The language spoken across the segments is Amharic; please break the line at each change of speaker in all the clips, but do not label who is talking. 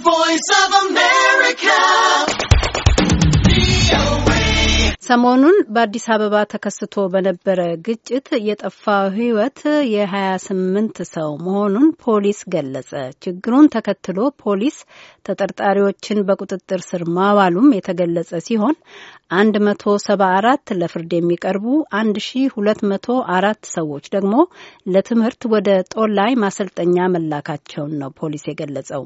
voice of a man. ሰሞኑን በአዲስ አበባ ተከስቶ በነበረ ግጭት የጠፋው ሕይወት የ28 ሰው መሆኑን ፖሊስ ገለጸ። ችግሩን ተከትሎ ፖሊስ ተጠርጣሪዎችን በቁጥጥር ስር ማዋሉም የተገለጸ ሲሆን 174 ለፍርድ የሚቀርቡ 1204 ሰዎች ደግሞ ለትምህርት ወደ ጦላይ ማሰልጠኛ መላካቸውን ነው ፖሊስ የገለጸው።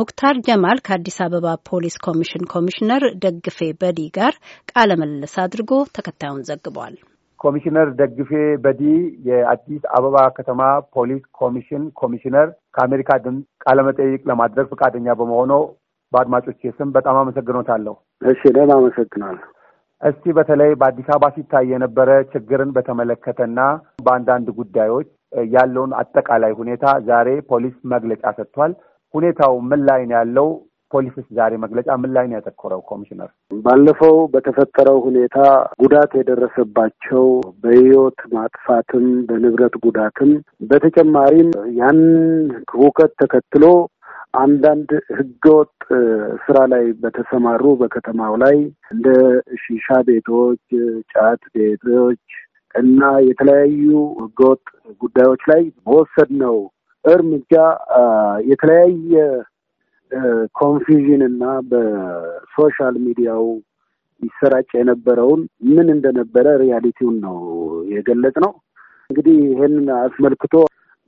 ሙክታር ጀማል ከአዲስ አበባ ፖሊስ ኮሚሽን ኮሚሽነር ደግፌ በዲ ጋር ቃለ ምልልስ ጠቀስ አድርጎ ተከታዩን ዘግቧል።
ኮሚሽነር ደግፌ በዲ የአዲስ አበባ ከተማ ፖሊስ ኮሚሽን ኮሚሽነር ከአሜሪካ ድምፅ ቃለመጠይቅ ለማድረግ ፈቃደኛ በመሆኑ በአድማጮች ስም በጣም አመሰግኖታለሁ።
እሺ፣ እኔም አመሰግናለሁ።
እስቲ በተለይ በአዲስ አበባ ሲታይ የነበረ ችግርን በተመለከተና በአንዳንድ ጉዳዮች ያለውን አጠቃላይ ሁኔታ ዛሬ ፖሊስ መግለጫ ሰጥቷል። ሁኔታው ምን ላይ ነው ያለው? ፖሊስስ ዛሬ መግለጫ ምን ላይ ነው ያተኮረው? ኮሚሽነር
ባለፈው በተፈጠረው ሁኔታ ጉዳት የደረሰባቸው በህይወት ማጥፋትም በንብረት ጉዳትም በተጨማሪም ያን ሁከት ተከትሎ አንዳንድ ህገወጥ ስራ ላይ በተሰማሩ በከተማው ላይ እንደ ሺሻ ቤቶች፣ ጫት ቤቶች እና የተለያዩ ህገወጥ ጉዳዮች ላይ በወሰድነው እርምጃ የተለያየ ኮንፊዥን እና በሶሻል ሚዲያው ይሰራጭ የነበረውን ምን እንደነበረ ሪያሊቲውን ነው የገለጽ ነው። እንግዲህ ይህንን አስመልክቶ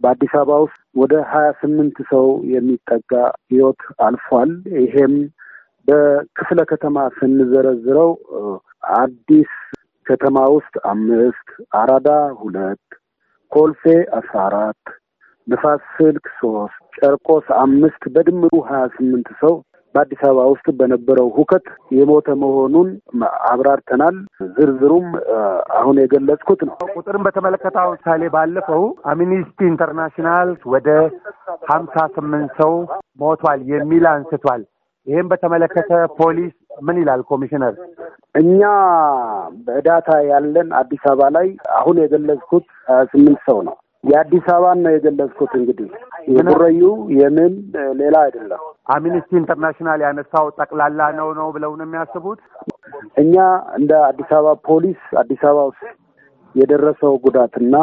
በአዲስ አበባ ውስጥ ወደ ሀያ ስምንት ሰው የሚጠጋ ህይወት አልፏል። ይሄም በክፍለ ከተማ ስንዘረዝረው አዲስ ከተማ ውስጥ አምስት፣ አራዳ ሁለት፣ ኮልፌ አስራ አራት ንፋስ ስልክ ሶስት፣ ጨርቆስ አምስት በድምሩ ሀያ ስምንት ሰው በአዲስ አበባ ውስጥ በነበረው ሁከት የሞተ መሆኑን አብራርተናል። ዝርዝሩም አሁን የገለጽኩት ነው።
ቁጥርን በተመለከተ ምሳሌ ባለፈው አምኒስቲ ኢንተርናሽናል ወደ ሀምሳ ስምንት ሰው ሞቷል የሚል አንስቷል። ይህም በተመለከተ ፖሊስ ምን ይላል? ኮሚሽነር፣ እኛ
በዳታ ያለን አዲስ አበባ ላይ አሁን የገለጽኩት ሀያ ስምንት ሰው ነው። የአዲስ አበባን ነው የገለጽኩት። እንግዲህ የቡረዩ የምን
ሌላ አይደለም። አምኒስቲ ኢንተርናሽናል ያነሳው ጠቅላላ ነው ነው ብለው ነው የሚያስቡት።
እኛ እንደ አዲስ አበባ ፖሊስ አዲስ አበባ ውስጥ የደረሰው ጉዳትና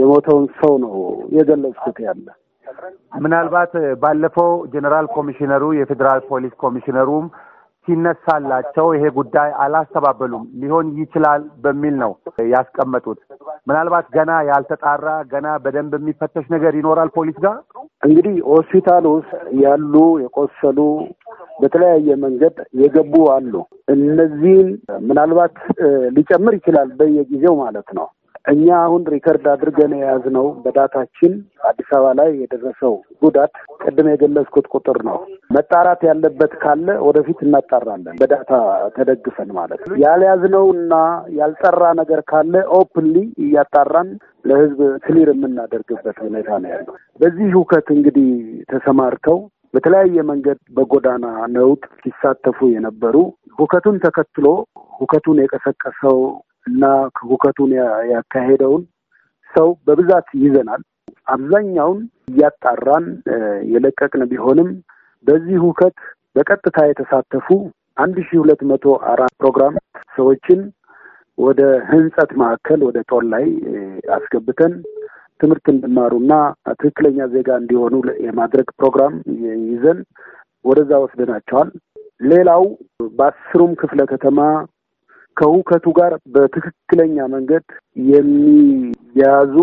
የሞተውን
ሰው ነው የገለጽኩት ያለ ምናልባት ባለፈው ጀኔራል ኮሚሽነሩ የፌዴራል ፖሊስ ኮሚሽነሩም ሲነሳላቸው ይሄ ጉዳይ አላስተባበሉም ሊሆን ይችላል በሚል ነው ያስቀመጡት። ምናልባት ገና ያልተጣራ ገና በደንብ የሚፈተሽ ነገር ይኖራል ፖሊስ ጋር እንግዲህ ሆስፒታል ውስጥ ያሉ
የቆሰሉ በተለያየ መንገድ የገቡ አሉ። እነዚህን ምናልባት ሊጨምር ይችላል በየጊዜው ማለት ነው። እኛ አሁን ሪከርድ አድርገን የያዝነው በዳታችን አዲስ አበባ ላይ የደረሰው ጉዳት ቅድም የገለጽኩት ቁጥር ነው። መጣራት ያለበት ካለ ወደፊት እናጣራለን፣ በዳታ ተደግፈን ማለት ነው። ያልያዝነው እና ያልጠራ ነገር ካለ ኦፕንሊ እያጣራን ለህዝብ ክሊር የምናደርግበት ሁኔታ ነው ያለው። በዚህ ሁከት እንግዲህ ተሰማርተው በተለያየ መንገድ በጎዳና ነውጥ ሲሳተፉ የነበሩ ሁከቱን ተከትሎ ሁከቱን የቀሰቀሰው እና ሁከቱን ያካሄደውን ሰው በብዛት ይዘናል። አብዛኛውን እያጣራን የለቀቅን ቢሆንም በዚህ ሁከት በቀጥታ የተሳተፉ አንድ ሺ ሁለት መቶ አራት ፕሮግራም ሰዎችን ወደ ህንጸት ማዕከል ወደ ጦር ላይ አስገብተን ትምህርት እንዲማሩና ትክክለኛ ዜጋ እንዲሆኑ የማድረግ ፕሮግራም ይዘን ወደዛ ወስደናቸዋል። ሌላው በአስሩም ክፍለ ከተማ ከሁከቱ ጋር በትክክለኛ መንገድ የሚያዙ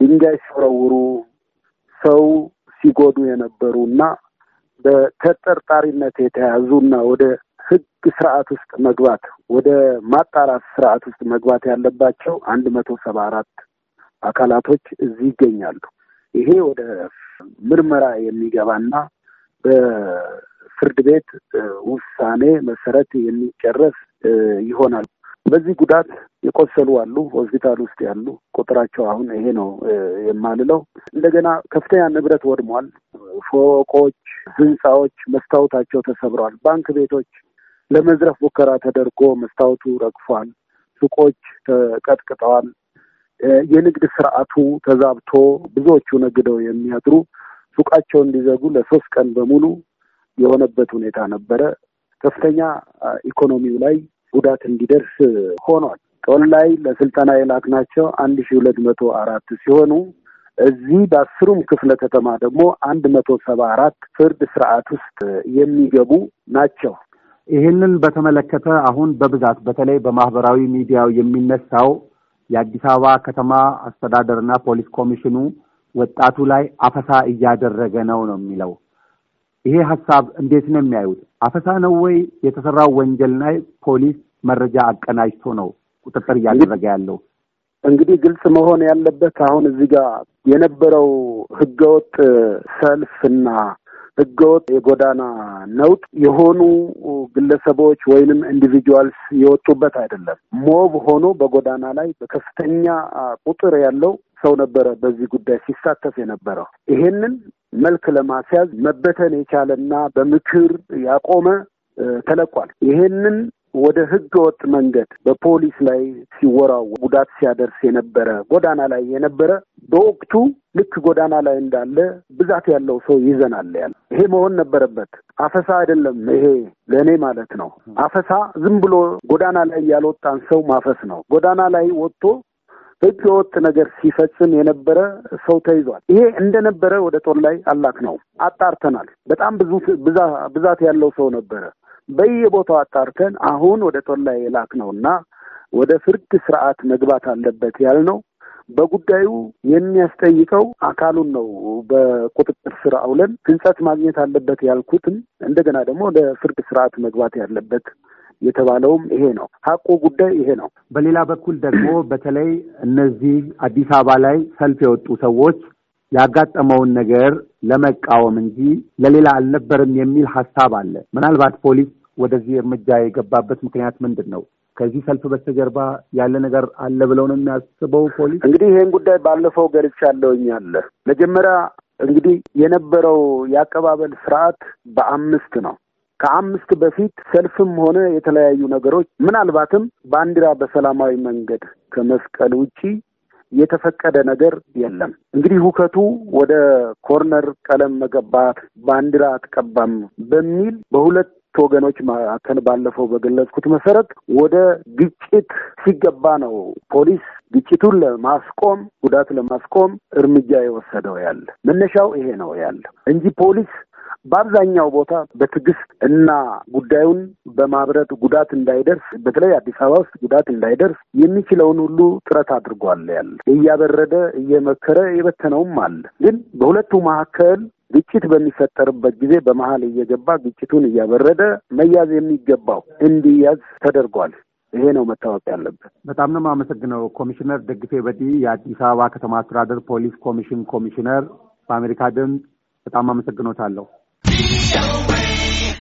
ድንጋይ ሲወረውሩ ሰው ሲጎዱ የነበሩ እና በተጠርጣሪነት የተያዙ እና ወደ ህግ ስርዓት ውስጥ መግባት ወደ ማጣራት ስርዓት ውስጥ መግባት ያለባቸው አንድ መቶ ሰባ አራት አካላቶች እዚህ ይገኛሉ። ይሄ ወደ ምርመራ የሚገባና በፍርድ ቤት ውሳኔ መሰረት የሚጨረስ ይሆናል። በዚህ ጉዳት የቆሰሉ አሉ፣ ሆስፒታል ውስጥ ያሉ ቁጥራቸው አሁን ይሄ ነው የማልለው። እንደገና ከፍተኛ ንብረት ወድሟል። ፎቆች፣ ህንፃዎች መስታወታቸው ተሰብረዋል። ባንክ ቤቶች ለመዝረፍ ሙከራ ተደርጎ መስታወቱ ረግፏል። ሱቆች ተቀጥቅጠዋል። የንግድ ስርዓቱ ተዛብቶ ብዙዎቹ ነግደው የሚያድሩ ሱቃቸው እንዲዘጉ ለሶስት ቀን በሙሉ የሆነበት ሁኔታ ነበረ። ከፍተኛ ኢኮኖሚው ላይ ጉዳት እንዲደርስ ሆኗል። ጦል ላይ ለስልጠና የላክናቸው አንድ ሺ ሁለት መቶ አራት ሲሆኑ እዚህ በአስሩም ክፍለ ከተማ ደግሞ አንድ መቶ ሰባ አራት ፍርድ ስርዓት ውስጥ የሚገቡ ናቸው።
ይህንን በተመለከተ አሁን በብዛት በተለይ በማህበራዊ ሚዲያው የሚነሳው የአዲስ አበባ ከተማ አስተዳደርና ፖሊስ ኮሚሽኑ ወጣቱ ላይ አፈሳ እያደረገ ነው ነው የሚለው። ይሄ ሀሳብ እንዴት ነው የሚያዩት? አፈሳ ነው ወይ የተሰራው ወንጀል ላይ ፖሊስ መረጃ አቀናጅቶ ነው ቁጥጥር እያደረገ ያለው?
እንግዲህ ግልጽ መሆን ያለበት አሁን እዚህ ጋር የነበረው ህገወጥ ሰልፍና ህገወጥ የጎዳና ነውጥ የሆኑ ግለሰቦች ወይንም ኢንዲቪጁዋልስ የወጡበት አይደለም። ሞብ ሆኖ በጎዳና ላይ በከፍተኛ ቁጥር ያለው ሰው ነበረ በዚህ ጉዳይ ሲሳተፍ የነበረው። ይሄንን መልክ ለማስያዝ መበተን የቻለና በምክር ያቆመ ተለቋል። ይሄንን ወደ ህገ ወጥ መንገድ በፖሊስ ላይ ሲወራው ጉዳት ሲያደርስ የነበረ ጎዳና ላይ የነበረ በወቅቱ ልክ ጎዳና ላይ እንዳለ ብዛት ያለው ሰው ይዘናል ያለ ይሄ መሆን ነበረበት። አፈሳ አይደለም ይሄ ለእኔ ማለት ነው። አፈሳ ዝም ብሎ ጎዳና ላይ ያልወጣን ሰው ማፈስ ነው። ጎዳና ላይ ወጥቶ ወጥ ነገር ሲፈጽም የነበረ ሰው ተይዟል። ይሄ እንደነበረ ወደ ጦር ላይ አላክ ነው አጣርተናል። በጣም ብዙ ብዛት ያለው ሰው ነበረ። በየቦታው አጣርተን አሁን ወደ ጦር ላይ የላክ ነው እና ወደ ፍርድ ስርዓት መግባት አለበት ያልነው በጉዳዩ የሚያስጠይቀው አካሉን ነው በቁጥጥር ስር አውለን ህንጸት ማግኘት አለበት ያልኩትም እንደገና ደግሞ ወደ ፍርድ ስርዓት መግባት ያለበት የተባለውም ይሄ ነው። ሀቁ
ጉዳይ ይሄ ነው። በሌላ በኩል ደግሞ በተለይ እነዚህ አዲስ አበባ ላይ ሰልፍ የወጡ ሰዎች ያጋጠመውን ነገር ለመቃወም እንጂ ለሌላ አልነበርም የሚል ሀሳብ አለ። ምናልባት ፖሊስ ወደዚህ እርምጃ የገባበት ምክንያት ምንድን ነው? ከዚህ ሰልፍ በስተጀርባ ያለ ነገር አለ ብለው ነው የሚያስበው ፖሊስ። እንግዲህ
ይህን ጉዳይ ባለፈው ገልጫለሁኝ። አለ መጀመሪያ እንግዲህ የነበረው የአቀባበል ስርዓት በአምስት ነው ከአምስት በፊት ሰልፍም ሆነ የተለያዩ ነገሮች ምናልባትም ባንዲራ በሰላማዊ መንገድ ከመስቀል ውጪ የተፈቀደ ነገር የለም። እንግዲህ ሁከቱ ወደ ኮርነር ቀለም መገባት ባንዲራ አትቀባም በሚል በሁለት ወገኖች መካከል ባለፈው በገለጽኩት መሰረት ወደ ግጭት ሲገባ ነው ፖሊስ ግጭቱን ለማስቆም ጉዳት ለማስቆም እርምጃ የወሰደው ያለ መነሻው ይሄ ነው ያለ እንጂ ፖሊስ በአብዛኛው ቦታ በትዕግስት እና ጉዳዩን በማብረድ ጉዳት እንዳይደርስ በተለይ አዲስ አበባ ውስጥ ጉዳት እንዳይደርስ የሚችለውን ሁሉ ጥረት አድርጓል። ያለ እያበረደ እየመከረ የበተነውም አለ። ግን በሁለቱ መካከል ግጭት በሚፈጠርበት ጊዜ በመሀል እየገባ ግጭቱን እያበረደ መያዝ የሚገባው እንዲያዝ ተደርጓል። ይሄ
ነው መታወቅ ያለበት። በጣም ነው የማመሰግነው ኮሚሽነር ደግፌ በዲ፣ የአዲስ አበባ ከተማ አስተዳደር ፖሊስ ኮሚሽን ኮሚሽነር። በአሜሪካ ድምፅ በጣም አመሰግኖታለሁ።
the away.